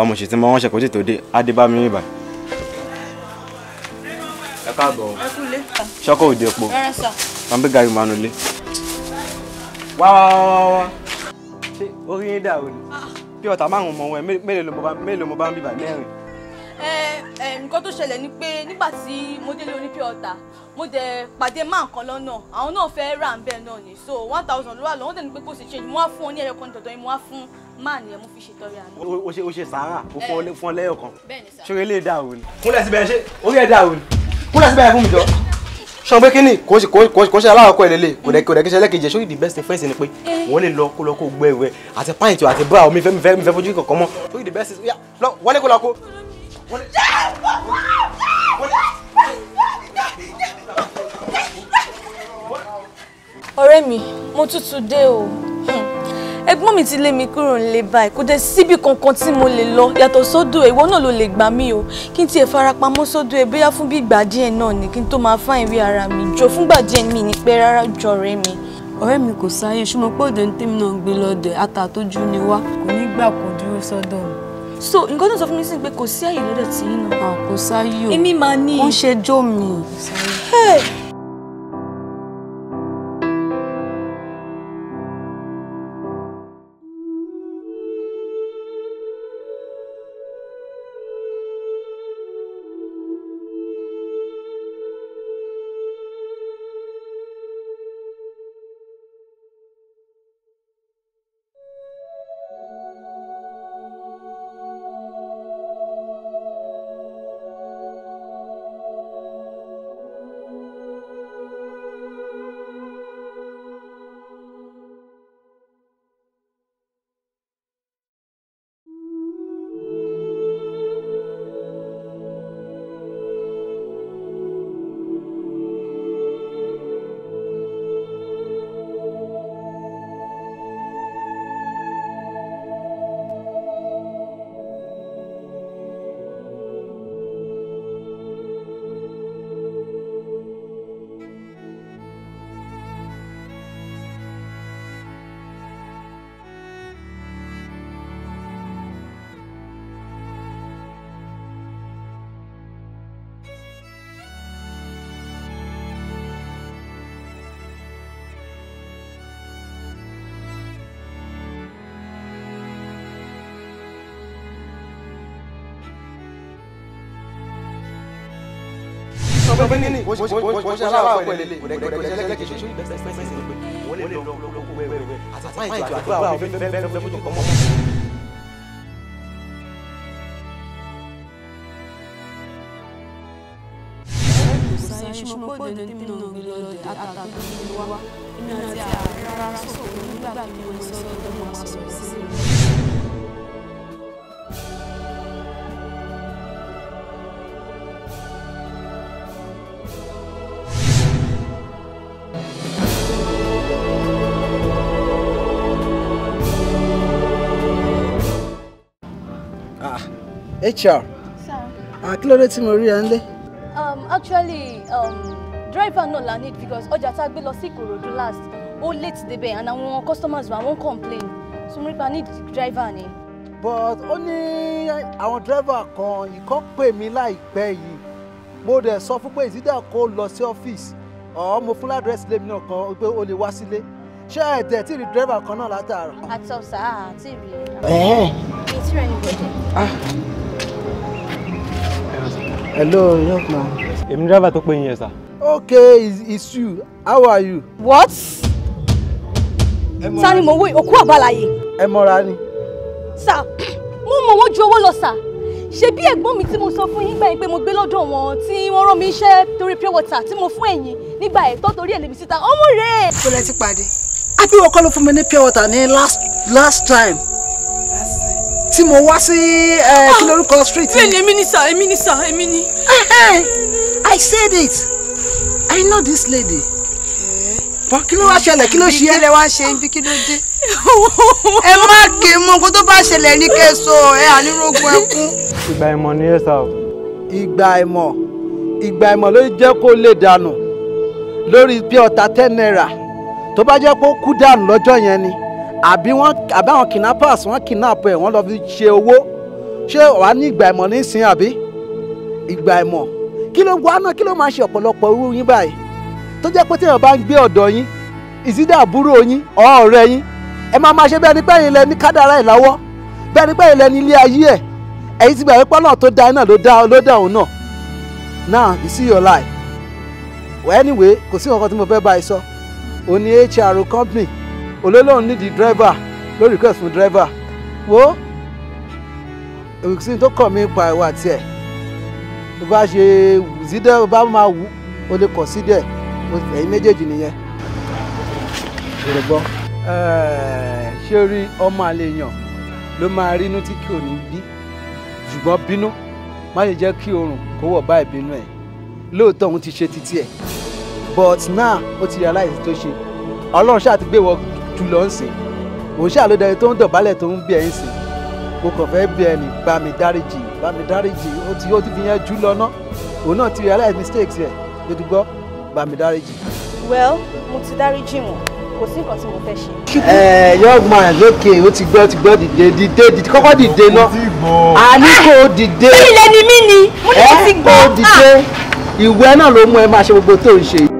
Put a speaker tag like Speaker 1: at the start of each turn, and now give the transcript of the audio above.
Speaker 1: ọmọ òṣèṣẹ́ máa wọ́n tó dé adébámi rìn ẹ káàbọ̀ o ṣọ́kọ̀ òde epo pàmpẹ́ gàrí máa nulẹ̀. wá wá wá wá ṣé orí yín dà o ni ah. bí ọ̀tá márùn-ún mọ̀ wọ́n ẹ̀ mélòó mo bá ń bíbà mẹ́rin.
Speaker 2: ẹ nǹkan tó ṣẹlẹ̀ ni pé nígbà tí mo délé oní pure water mo dẹ̀ pàdé máa nǹkan lọ́nà àwọn náà fẹ́ rà ń bẹ́ẹ̀ náà ni so one thousand ló wà lọ́wọ́ dẹ̀ ni pé kò sì change mo wá fún ọ ní ẹyọ kan dandan mo wá fún máà ní ẹ mo fi ṣètọrẹ àná.
Speaker 1: o ṣe o ṣe sàárà o fọ fún ọ eh. lẹ́yọ̀ kan ṣoré lè dà òun. kúnlẹ̀ síbẹ̀ ṣe orí ẹ̀ dà òun kúnlẹ̀ síbẹ̀ fún mi jọ. sọ pé kíni kò sí kò sí aláwọ̀kọ́ ìlélẹ̀ kò dẹ̀ kò dẹ̀ kí sẹ́lẹ̀ kejì sórí the best defence ni pé eh. wọ́n lè lọ kó lọ kó gbẹ ìwẹ̀ àti pint àti bra omi fẹ́ mi fẹ́ fojú kankan mọ́ sórí the best wọlé kó lọ kó.
Speaker 2: ọ̀rẹ́ mi mo tútù dé o hmm. ẹ̀gbọ́n mi ti lé mi kúrò nílé báyìí kò dé síbi kankan tí mo lè lọ yàtọ̀ sódò ẹ ìwọ náà ló lè gbà mí o kí n tiẹ̀ farapamọ́ sódò ẹ bóyá fún bí ìgbà díẹ̀ náà ni kí n tó máa fá ìwé ara mi jọ fúngbà díẹ̀ mi ní pẹ́ rárá jọ ọ̀rẹ́ mi. ọ̀rẹ́ mi kò sáyé ṣùgbọ́n pé òde ní tèmi náà ń gbé lọ́dọ̀ àtàtójú ni wá kò ní gbà kó dúró sọ́dọ̀ mi so nǹkan tó sọ fún mi sí pé kò sí àyè lọ́dọ̀ tí yín náà. Ah, kò sáyé o
Speaker 1: sọ pé ní ní mo ṣe aláwọ̀ pẹ̀lẹ́ kò dẹ̀ kò dẹ̀ ṣẹlẹ̀ kì í ṣe wọ́n lè lọ lọ́kọ̀ wẹ̀wẹ̀ àtàwọn ìjọ àdúrà wọn fẹ́ fẹ́ fẹ́ fojú kan mọ́.
Speaker 2: ṣùgbọ́n pé òde mi àtàkùn ìlú wa èmi àti àárẹ̀ rárá sọ̀rọ̀ nígbà tí mo sọ tó máa sọ̀rọ̀ sí i.
Speaker 1: HR. Sir. Ah, kí ló dé tí mo rí ẹ nílé?
Speaker 2: Um, actually, um, driver náà la need because ọjà tá a gbé lọ sí Ìkòròdú last ó late débẹ̀ and àwọn customers wa wọ́n complain so mo rí pa need driver ni.
Speaker 1: But ó ní àwọn driver kan ìkan pè mí láìpẹ́ yìí mo dẹ̀ sọ fún pé ìdídà kó lọ sí ọ́fíìsì ọ̀ mo fún ládírẹ́sì lèmi náà kan pé ó lè wá sílé ṣé ẹ tẹ̀ tí rí dírẹ́fà kan náà látàárọ̀.
Speaker 2: àtọ̀ àti rí. ẹ̀ẹ́. èyí tí rẹ̀ ní bọ̀dẹ̀.
Speaker 1: Hello, young man. Èmi driver tó pè yín yẹn Okay, it's, it's you.
Speaker 2: How are you? What? Ta ni mo wé òkú àbáláyé? Ẹ mọ́ra ni. Sà, mo mọ̀ wọ́n ju owó lọ sà. Ṣé mi tí mo sọ fún yín gbà yín mo gbé lọ́dọ̀ wọn tí wọ́n rán mi iṣẹ́ torí pure water tí mo fún ẹ̀yin nígbà ẹ̀ tó torí ẹ̀ lèmi síta ọmọ rẹ̀. Kò lẹ ti pàdé.
Speaker 1: Àbí wọn kọ́ ló fún mi ní pure water ní last last time tí mo wá sí eh, ah, kí lórúkọ street. bẹ́ẹ̀ni èmi ni sir èmi ni sir èmi ni. I said it I know this lady. Eh. kí ló wá ṣẹlẹ̀ kí ló ṣe é. kí lè wá ṣe ibi kí ló dé. ẹ má kì í mọ tó bá ṣẹlẹ̀ ní kẹsọ ẹ ànírògùn ẹkún. ìgbà ìmọ̀ ni ẹ sá ìgbà ìmọ̀ ìgbà ìmọ̀ ló jẹ́ kó lè dànù lórí bí ọ̀tá ten naira tó bá jẹ́ kó kú dànù lọ́jọ́ yẹn ni àbí wọ́n àbí àwọn kidnappers wọ́n kidnap ẹ̀ wọ́n lọ fi ṣe owó ṣé wàá ní ìgbà ìmọ̀ nísìnyí àbí ìgbà ìmọ̀ kí ló wá náà kí ló máa ṣe ọ̀pọ̀lọpọ̀ irú yín báyìí tó jẹ́ pé téèyàn bá ń gbé ọ̀dọ̀ yín ìsídà àbúrò yín ọ̀rẹ́ yín ẹ máa máa ṣe bẹ́ẹ̀ ni pẹ́yìn lẹ ní kádàrá ẹ̀ lọ́wọ́ bẹ́ẹ̀ ni pẹ́yìn lẹ ní ilé ayé ẹ̀ ẹ̀yin ti gbà wípé ọ̀nà tó da iná ló dá ló dá òun náà now you see your life well anyway kò sí nǹkan tí mo fẹ́ bá ẹ sọ òun HR company olólóhùn nídìí dírẹ́fà ló request fún dírẹ́fà wo òsín tó kọ̀ mí pa ìwà tiẹ̀ tó bá ṣe wù sí dẹ́ bá máa wù ó lè kọ̀ sí dẹ̀ ẹ̀yin méjèèjì nìyẹn. ṣé rí ọmọ àlè yàn ló máa rínú tí kò ní bí ṣùgbọ́n bínú má ṣe jẹ́ kí oorun kó wọ̀ bá ìbínú ẹ̀ lóòótọ́ òun ti ṣe títí ẹ̀ but now ó ti realize tó ṣe ọlọ́run ṣáà ti gbé wọ jùlọ ń sìn mò ń ṣàlódẹni tó ń dọ̀bálẹ̀ tó ń bí ẹyin sìn mo kàn fẹ́ bí ẹni bá mi dáríjì bá mi dáríjì ó ti ó ti fi yẹn jù lọ ná òun náà ti realize mistakes rẹ̀ lódùgbọ́ bá mi dáríjì.
Speaker 2: well mo ti dáríjì wọn kò sí nǹkan tí mo fẹ́ ṣe.
Speaker 1: ẹ eh, young man lókè ó ti gbọ́ ti gbọ́ dìde dìde dìde kọ́kọ́ dìde ná a ní ah! kó o dìde. kí ilé ni mí ni mo ní eh, ti gbọ́. ẹ kó dìde ah! ìwé náà ló mú ẹ máa ṣe gbogbo tó ń ṣe.